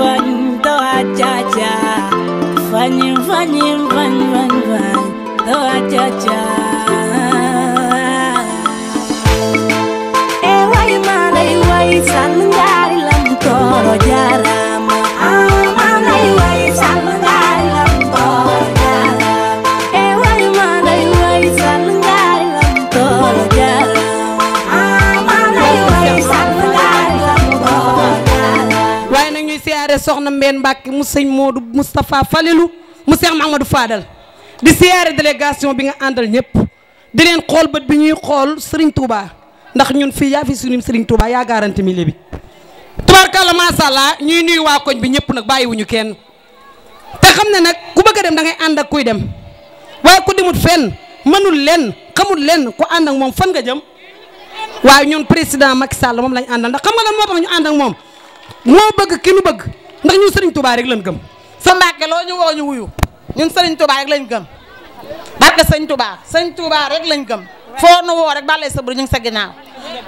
vân to a cha cha vân vân vân vân vân to a cha cha ziaré soxna Mbène Mbacke mu sëñ Modou mustapha Falilou mu Seex Mamadou Fadal di ziaré délégation bi nga andal ñëpp di len xol bët bi ñuy xol Serigne Touba ndax ñun fi yaa fi suñu Serigne Touba yaa garanti milieu bi. tubarkalla macha allah ñuy nuyu wa koñ bi ñëpp bayyi wuñu kenn té xamna nak ku bëgg dem da ngay and ak kuy dem Wa ku demut fenn mënul len? xamul len? ku and ak mom fan nga jëm waaw ñun président Macky Sall lañ andal ndax xam nga lan tax ñu and ak mom noo bëgg ki nu bëgg ndax ñun sëriñ Touba rek lañ gëm. sa Mbàkke loo ñu woo ñu wuyu ñun sëriñ Touba rek lañ gëm barke sëñ Touba sëñ Touba rek lañ gëm foo nu woo rek bàllee sabur ñu ngi sa ginnaaw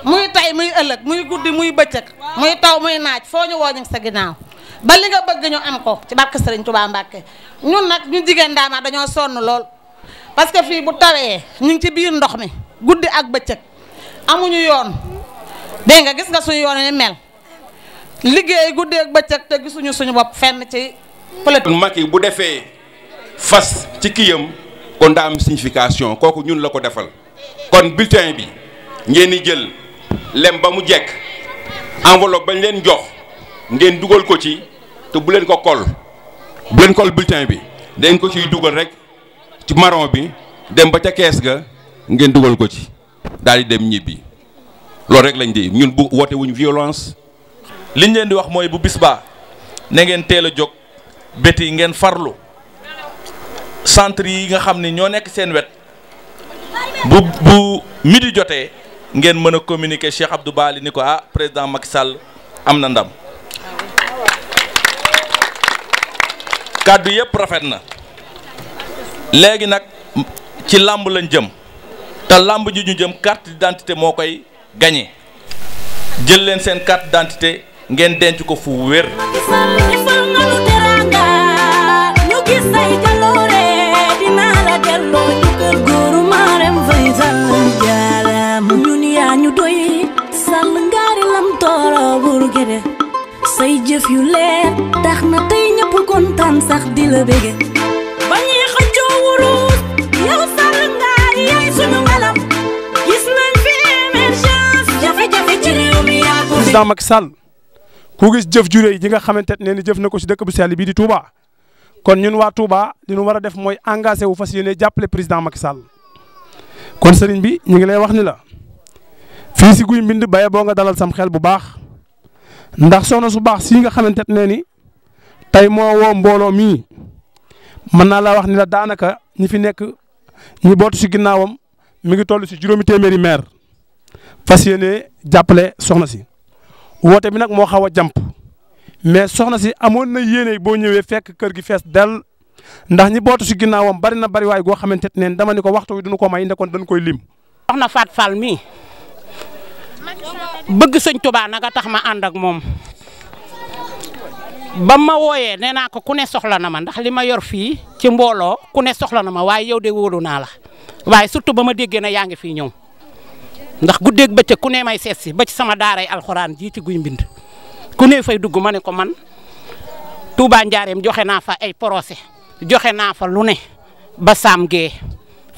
muy tay muy ëllëg muy guddi muy bëccëg muy taw muy naaj foo ñu woo ñu sa ginnaaw. ba li nga bëgg ñu am ko ci barke sëriñ Touba Mbàkke ñun nag ñu jigéen daama dañoo sonn lool parce que fii bu tawee ñu ngi ci biir ndox mi guddi ak bëccëg amuñu yoon dégg nga gis nga suñu yoon ni mel. liggéey guddeeg bëccëg te gisuñu suñu bopp fenn ci politique Macky bu defee fas ci kiyam kon daa am signification kooku ñun la ko defal kon bulletin bi ngeen di jël lem ba mu jekk enveloppe bañ leen jox ngeen dugal ko ci te bu leen ko kol bu leen kol bulletin bi dañ ko ciy dugal rek ci maron bi dem ba ca kees ga ngeen dugal ko ci daal di dem ñibbi loolu rek lañ di ñun bu woote wuñ violence liñ leen di wax mooy bu bis baa na ngeen teel a jóg béti ngeen farlu centre yi nga xam ni ñoo nekk seen wet bu bu midi jotee ngeen mën a communiquer Cheikh Abdou Bali ni ko ah président Macky Sall am na ndam kàddu yëpp rafet na léegi nag ci làmb lañ jëm te làmb ji ñu jëm carte d'identité moo koy gañe jël leen seen carte d'identité ngeen denc ko fu wer say jëf yu leer tax na tey ñëpp kontaan sax di la bége ba ñuy xëccoo yow sàll ngaar yaay ngalam gis nañ fi émergence jafe-jafe ci réew mi yaa président Sall ku gis jëf jure yi nga xamante ne ni jëf na ko si dëkk bu sell bii di Touba kon ñun waa Touba li ñu war a def mooy engagé wu fas yéene jàppale président Macky Sall kon sëriñ bi ñu ngi lay wax ni la fii si guy mbind baye boo nga dalal sam xel bu baax ndax soxna su baax sii nga xamante ne ni tey moo woo mbooloo mii mën naa laa wax ni la daanaka ñi fi nekk ñi bootu si ginnaawam mi ngi toll si juróomi téeméeri maire fas yéene jàppale soxna si. woote bi nag moo xaw a jàmp mais soxna si amoon na yéene boo ñëwee fekk kër gi fees dell ndax ñi bootu si ginnaawam bari na bari waaye goo xamante ne dama ni ko waxtu wi duñu ko may ndekoon dañ koy lim. soxna faat Fall mii bëgg sëñ Tuubaa nag a tax ma ànd ak moom ba ma wooyee nee naa ko ku ne soxla na ma ndax li ma yor fii ci mbooloo ku ne soxla na ma waaye yow de wóolu naa la waaye surtout ba ma déggee na yaa ngi fii ñëw. ndax guddeeg bëccëg ku ne may seet si ba ci sama daaray alxuraan jii ci guy mbind ku ne fay dugg ma ne ko man Touba Njaareem joxe naa fa ay porosé joxe naa fa lu ne ba saam gee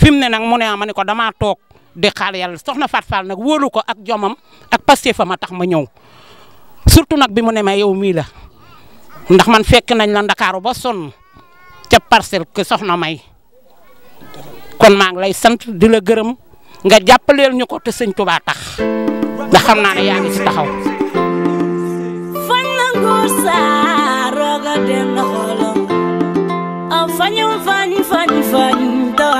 fi mu ne nag mu ne ma ne ko damaa toog di xaal yàlla soxna Faat Fall nag wóolu ko ak jomam ak Pastef fa ma tax ma ñëw surtout nag bi mu ne ma yow mii la ndax man fekk nañ la ndakaaru ba sonn ca parcelle que soxna may kon maa ngi lay sant di la gërëm. nga jàppaleel ñu ko te sëñ Tuubaa tax nga xam naa ne yaa ngi ci taxaw. fañi fañi fañi fañi fañi doo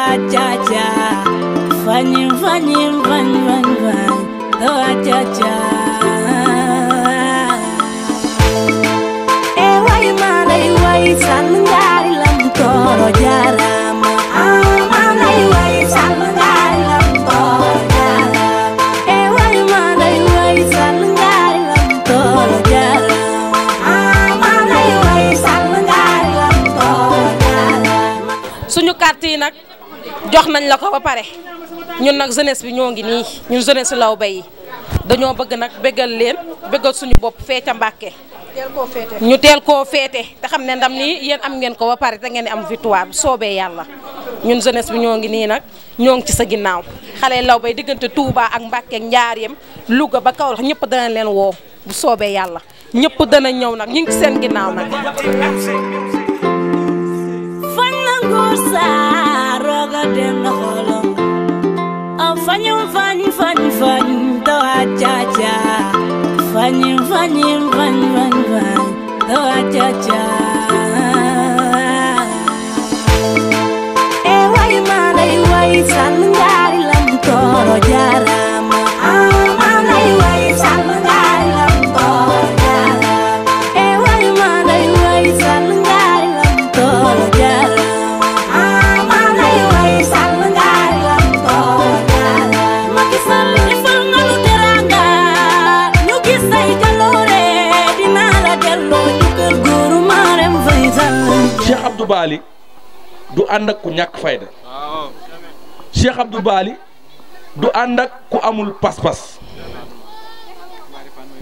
a caca suñu carte yi nag jox nañ la ko ba pare ñun nag jeunesse bi ñoo ngi nii ñun jeunesse Lawbe yi dañoo bëgg nag bëggal leen bëggal suñu bopp fee ca Mbàkke ñu teel koo féete te xam ne ndam nii yéen am ngeen ko ba pare te ngeen am victoire soobee yàlla ñun jeunesse bi ñoo ngi nii nag ñoo ngi ci sa ginnaaw xale Lawbe yi diggante Touba ak Mbàkke ak Njaaréem Louga ba kaw ñëpp danañ leen woo soobee yàlla ñëpp dana ñëw nag ñu ngi ci seen ginnaaw nag za roga den na holo am fanyi fanyi fanyi fanyi to acha cha fanyi fanyi fanyi fanyi fanyi to acha cha e wai ma dai wai san gari lam to jar Abdou du ànd ku ñàkk fayda Cheikh Abdou du ànd ak ku amul pas-pas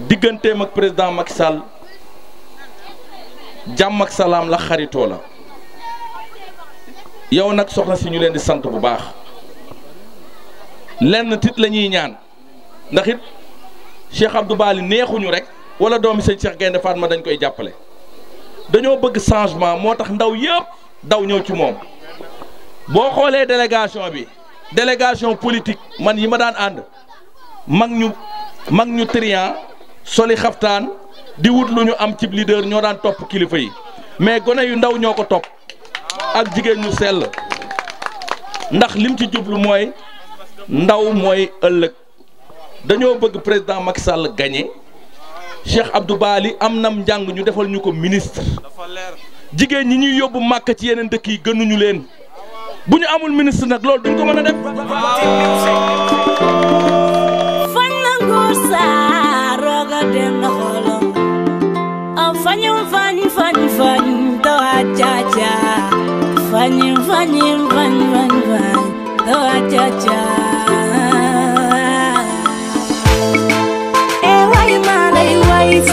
digganteem ak président Macky Sall jàmm ak salaam la xaritoo la yow nag soxna si ñu leen di sant bu baax lenn tit la ñuy ñaan ndax it Cheikh Abdou Bali neexuñu rek wala doomi sëñ Cheikh Gaynde Fatma dañ koy jàppale dañoo bëgg changement moo tax ndaw yëpp daw ñëw ci moom boo xoolee délégation bi délégation politique man yi ma daan ànd mag ñu mag ñu trian soli xaftaan di wut lu ñu am cib leader ñoo daan topp kilifa yi mais gone yu ndaw ñoo ko topp ak jigéen ñu sell ndax lim ci jublu mooy ndaw mooy ëllëg dañoo bëgg président Macky Sall gagné Cheikh Abdou Bali amnam jang ñu defal ñu ko ministre jigeen ñi ñuy yobbu màkk ci yenen dekk yi ñu leen bu amul ministre nak lool duñ ko mëna def. fan It's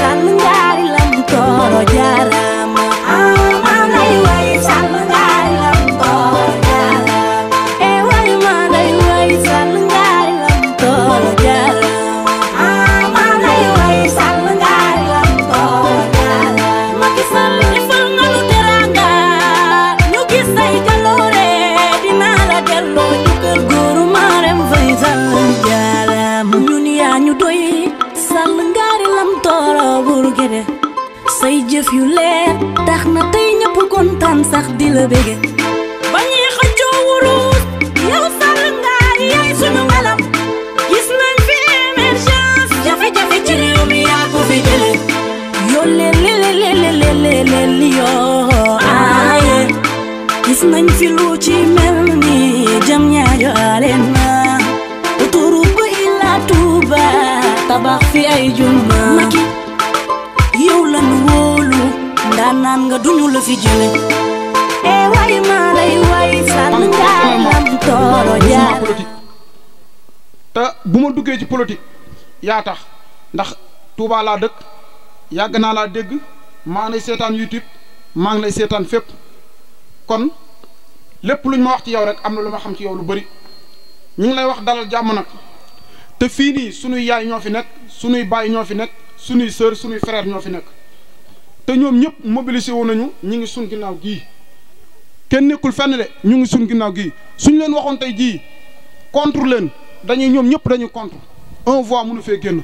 la bége ba ñuy xëccoo wurus yow sàll ngaar yaay sunu ngalam gis nañ fi émergence jafe-jafe ci réew mi yaa ko fi jële yoo leen lelelelelelelel yoo aaye gis nañ fi lu ci mel ni jam ñaayo aleen na autoroute ba Ila Touba tabax fi ay juma maki yow lan wóolu ndaa naan nga duñu la fi jële te bu ma duggee ci politique yaa tax ndax Touba laa dëkk yàgg naa laa dégg maa ngi lay seetaan YouTube maa ngi lay seetaan fépp kon lépp lu ñu ma wax ci yow rek am na lu ma xam ci yow lu bëri ñu ngi lay wax dalal jàmm nag te fii nii sunuy yaay ñoo fi nekk sunuy baay ñoo fi nekk sunuy sœur sunuy frère ñoo fi nekk te ñoom ñëpp mobilisé wu nañu ñu ngi sun ginnaaw gii kenn nekkul fenn de ñu ngi suñ ginnaaw gii suñ leen waxoon jii contre leen dañuy ñoom ñëpp dañuy contre un voix mënu fee génn.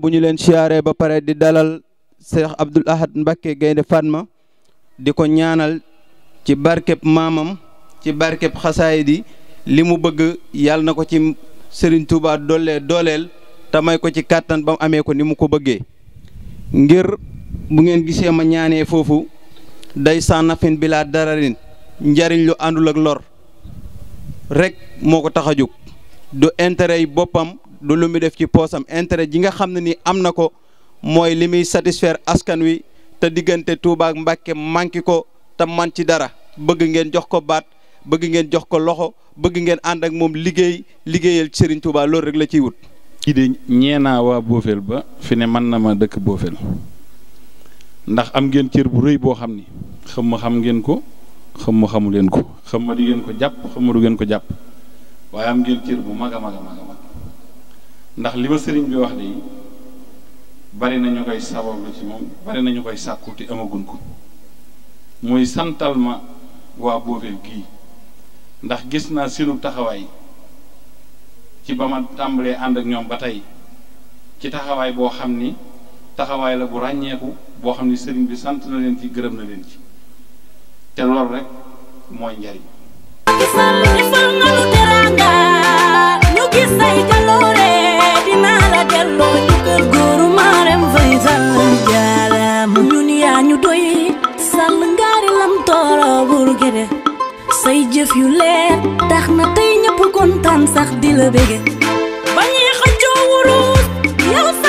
bu ñu leen siyaaree ba pare di dalal Cheikh Abdoul Ahad Mbacké Gaynde Fatma di ko ñaanal ci barkeb maamam ci barkeb xasaayid di li mu bëgg yàlla na ko ci Serigne Touba doole dooleel te may ko ci kàttan ba mu amee ko ni mu ko bëggee ngir bu ngeen gisee ma ñaanee foofu day sànnafin bi laa dararin njariñ lu andul ak lor rek moko taxajuk du intérêt bopam du lu mi def ci posam intérêt ji nga xamni ni amna ko moy limi satisfaire askan wi te digënté Touba ak Mbacké manki ko te man ci dara bëgg ngeen jox ko baat bëgg ngeen jox ko loxo bëgg ngeen and ak mom liggéey liggéeyal Serigne Touba lool rek la ci wut. kii de wa waa ba fi ne man na ma dëkk bofel ndax am ngeen cër bu reuy bo xamni xam ma xam ngeen ko. xam ma xamu leen ko xam ma di ngeen ko jàpp xam ma du ngeen ko jàpp waaye am ngeen cër bu mag a mag a mag ndax li ma sëriñ bi wax de bari nañu koy sabablu ci moom bari nañu koy sàkku te amagun ko muy santal ma waa boofeel gii ndax gis naa seenu taxawaay ci ba ma tàmbalee ànd ak ñoom ba tey ci taxawaay boo xam ni taxawaay la bu ràññeeku boo xam ni sëriñ bi sant na leen ci gërëm na leen ci te loolu rek mooy njariñ say jëf yu leer tax na tey ñëpp kontaan sax di la bége ba ñuy xëccoo wurus